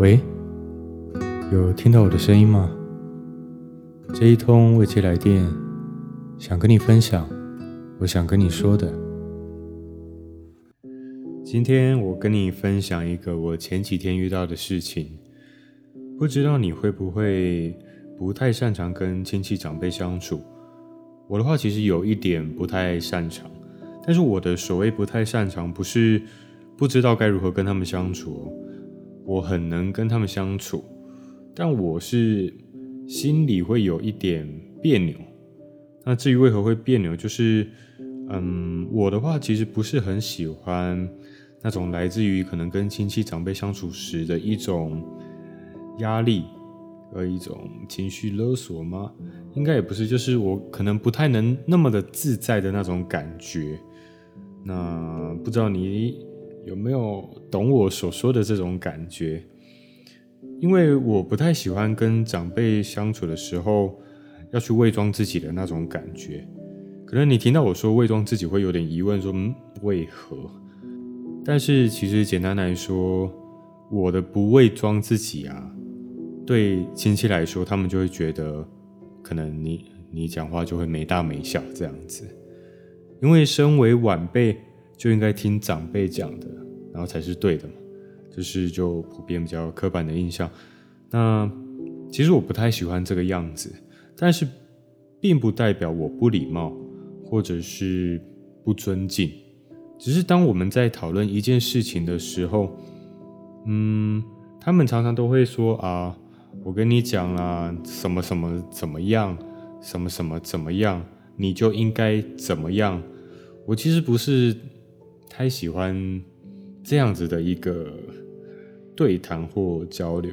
喂，有聽到我的聲音嗎？這一通未接來電，想跟你分享，我想跟你說的。今天我跟你分享一個我前幾天遇到的事情，不知道你會不會不太擅長跟親戚長輩相處。我的話其實有一點不太擅長，但是我的所謂不太擅長，不是不知道該如何跟他們相處。我很能跟他們相處，但我是心裡會有一點別扭。那至於為何會別扭，就是，嗯，我的話其實不是很喜歡那種來自於可能跟親戚長輩相處時的一種壓力和一種情緒勒索嗎？應該也不是，就是我可能不太能那麼的自在的那種感覺。那不知道你？有沒有懂我所說的這種感覺？因為我不太喜歡跟長輩相處的時候要去偽裝自己的那種感覺。可能你聽到我說偽裝自己會有點疑問，說嗯，為何？但是其實簡單來說，我的不偽裝自己啊，對親戚來說，他們就會覺得可能你你講話就會沒大沒小這樣子，因為身為晚輩。就應該聽長輩講的，然後才是對的嘛，就是就普遍比較刻板的印象。那其實我不太喜歡這個樣子，但是並不代表我不禮貌或者是不尊敬。只是當我們在討論一件事情的時候，嗯，他們常常都會說啊，我跟你講了啊，什麼什麼怎麼樣，什麼什麼怎麼樣，你就應該怎麼樣。我其實不是。太喜歡這樣子的一個對談或交流，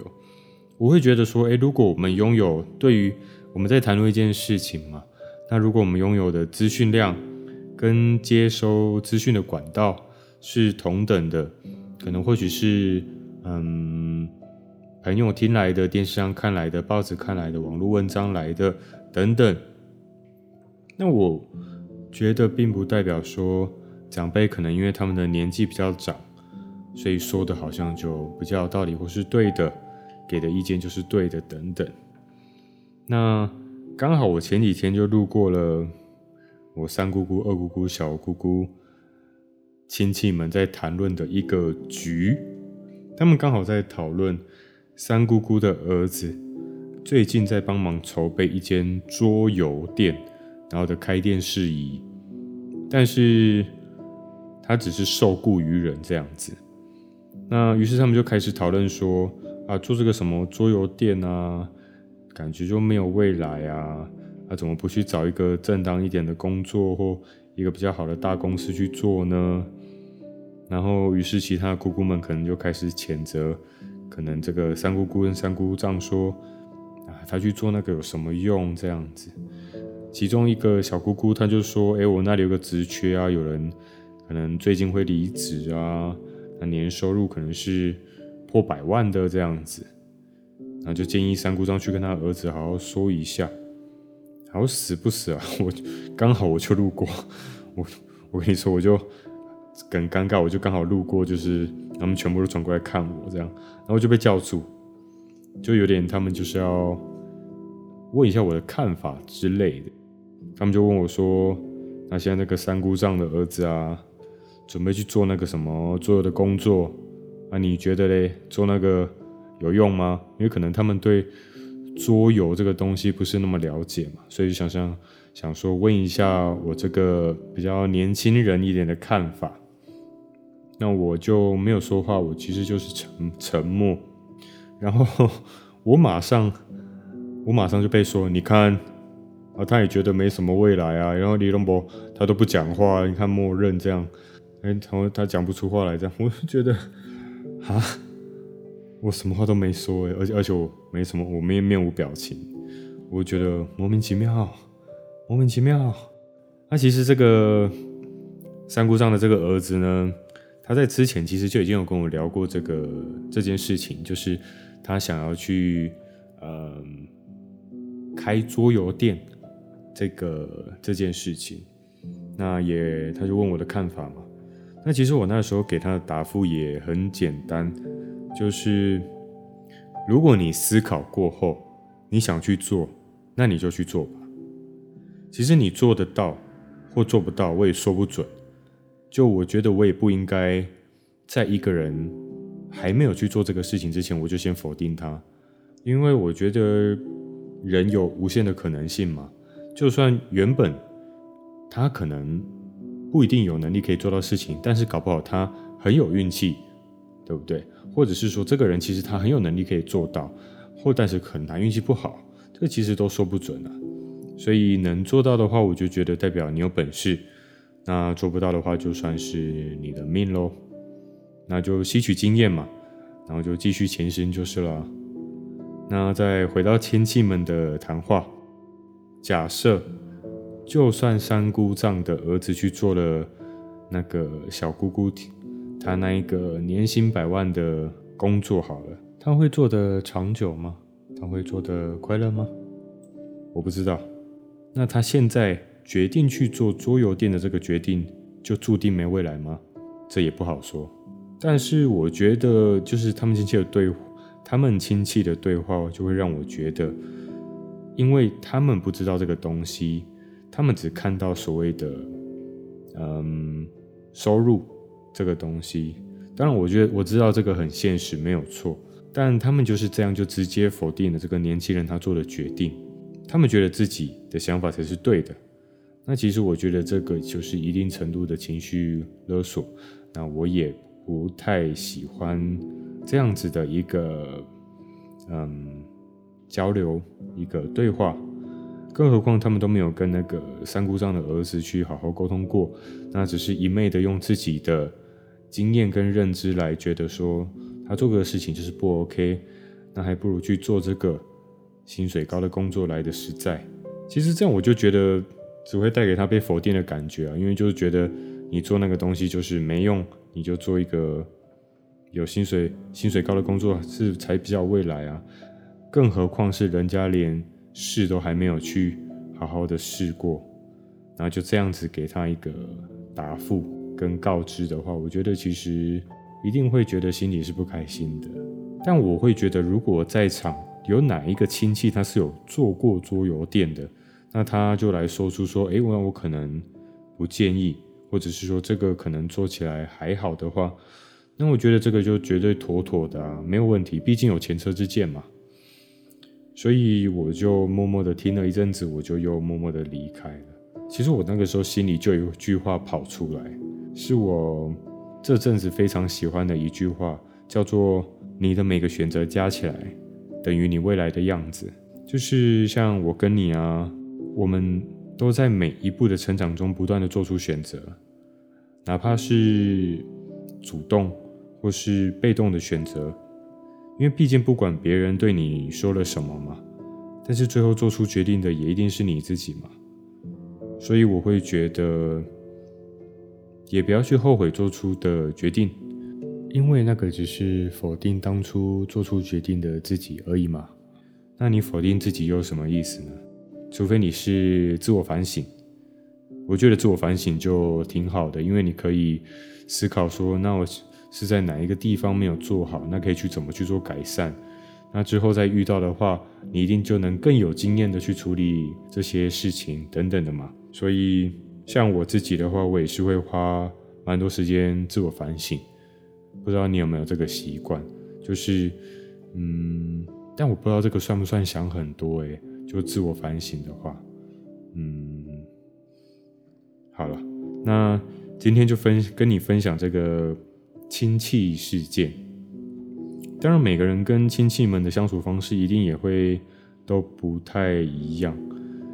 我會覺得說，誒，如果我們擁有對於我們在談論一件事情嘛，那如果我們擁有的資訊量跟接收資訊的管道是同等的，可能或許是嗯，朋友聽來的、電視上看來的、報紙看來的、網絡文章來的等等，那我覺得並不代表說。長輩可能因為他們的年紀比較長，所以說的好像就比較道理或是對的，給的意見就是對的等等。那剛好我前幾天就路過了我三姑姑、二姑姑、小姑姑親戚們在談論的一個局，他們剛好在討論三姑姑的兒子最近在幫忙籌備一間桌遊店，然後的開店事宜，但是。他只是受雇於人這樣子，那於是他們就開始討論說：“啊，做這個什麼桌遊店啊，感覺就沒有未來啊。啊，怎麼不去找一個正當一點的工作，或一個比較好的大公司去做呢？”然後，於是其他的姑姑們可能就開始譴責，可能這個三姑姑跟三姑丈說：“啊，他去做那個有什麼用？”這樣子，其中一個小姑姑她就說：“哎、欸，我那裡有個職缺啊，有人。”可能最近會離職啊，那年收入可能是破百萬的這樣子，然後就建議三姑丈去跟他的兒子好好說一下。好死不死啊！我剛好我就路過，我我跟你說我就很尷尬，我就剛好路過，就是他們全部都轉過來看我這樣，然後我就被叫住，就有點他們就是要問一下我的看法之類的。他們就問我說：“那現在那個三姑丈的兒子啊？”準備去做那個什麼桌遊的工作，啊，你覺得嘞？做那個有用嗎？因為可能他們對桌遊這個東西不是那麼了解嘛，所以想想想說問一下我這個比較年輕人一點的看法。那我就沒有說話，我其實就是沉沉默。然後我馬上我馬上就被說，你看啊，他也覺得沒什麼未來啊。然後李榮博他都不講話，你看默認這樣。然、欸、後他講不出話來，這樣我就覺得，啊，我什麼話都沒說、欸、而且而且我沒什麼，我也面，面無表情，我覺得莫名其妙，莫名其妙。那、啊、其實這個三姑丈的這個兒子呢，他在之前其實就已經有跟我聊過這個這件事情，就是他想要去嗯、呃、開桌遊店，這個這件事情，那也他就問我的看法嘛。那其實我那時候給他的答覆也很簡單，就是，如果你思考過後，你想去做，那你就去做吧。其實你做得到或做不到，我也說不準。就我覺得，我也不應該在一個人還沒有去做這個事情之前，我就先否定他，因為我覺得人有無限的可能性嘛。就算原本他可能。不一定有能力可以做到事情，但是搞不好他很有運氣，對不對？或者是說，這個人其實他很有能力可以做到，或但是可能他運氣不好，這個其實都說不準了啊。所以能做到的話，我就覺得代表你有本事；那做不到的話，就算是你的命嘍。那就吸取經驗嘛，然後就繼續前行就是了。那再回到親戚們的談話，假設。就算三姑丈的兒子去做了那個小姑姑，她那一個年薪百萬的工作，好了，他會做得長久嗎？他會做得快樂嗎？我不知道。那他現在決定去做桌遊店的這個決定，就注定沒未來嗎？這也不好說。但是我覺得，就是他們親戚的對他們親戚的對話，對話就會讓我覺得，因為他們不知道這個東西。他們只看到所謂的，嗯，收入這個東西，當然，我覺得我知道這個很現實，沒有錯。但他們就是這樣，就直接否定了這個年輕人他做的決定。他們覺得自己的想法才是對的。那其實我覺得這個就是一定程度的情緒勒索。那我也不太喜歡這樣子的一個，嗯，交流，一個對話。更何況他們都沒有跟那個三姑丈的兒子去好好溝通過，那只是一昧的用自己的經驗跟認知來覺得說他做過的事情就是不 OK，那還不如去做這個薪水高的工作來得實在。其實這樣我就覺得只會帶給他被否定的感覺啊，因為就是覺得你做那個東西就是沒用，你就做一個有薪水薪水高的工作是才比較未來啊。更何況是人家連。試都還沒有去好好的試過，那就這樣子給他一個答覆跟告知的話，我覺得其實一定會覺得心裡是不開心的。但我會覺得，如果在場有哪一個親戚他是有做過桌遊店的，那他就來說出說，哎，我我可能不建議，或者是說這個可能做起來還好的話，那我覺得這個就絕對妥妥的啊，沒有問題，畢竟有前車之鑑嘛。所以我就默默地聽了一陣子，我就又默默地離開了。其實我那個時候心裡就有一句話跑出來，是我這陣子非常喜歡的一句話，叫做“你的每個選擇加起來，等於你未來的樣子”。就是像我跟你啊，我們都在每一步的成長中不斷地做出選擇，哪怕是主動或是被動的選擇。因為畢竟不管別人對你說了什麼嘛，但是最後做出決定的也一定是你自己嘛，所以我會覺得，也不要去後悔做出的決定，因為那個只是否定當初做出決定的自己而已嘛。那你否定自己又有什麼意思呢？除非你是自我反省，我覺得自我反省就挺好的，因為你可以思考說，那我是在哪一個地方沒有做好，那可以去怎麼去做改善？那之後再遇到的話，你一定就能更有經驗的去處理這些事情等等的嘛。所以像我自己的話，我也是會花蠻多時間自我反省。不知道你有沒有這個習慣？就是，嗯，但我不知道這個算不算想很多誒，就自我反省的話，嗯，好了，那今天就分跟你分享這個。親戚事件，當然每個人跟親戚們的相處方式一定也會都不太一樣。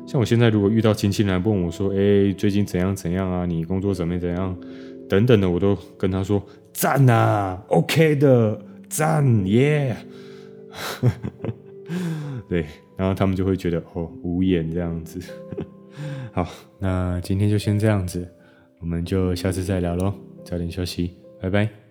像我現在如果遇到親戚來問我說：“欸，最近怎樣怎樣啊？你工作怎麼樣怎樣？等等的”，我都跟他說：“讚啊，啊，OK 的，讚，耶。 ”對，然後他們就會覺得哦，無言這樣子。 好，那今天就先這樣子，我們就下次再聊嘍。早點休息，拜拜。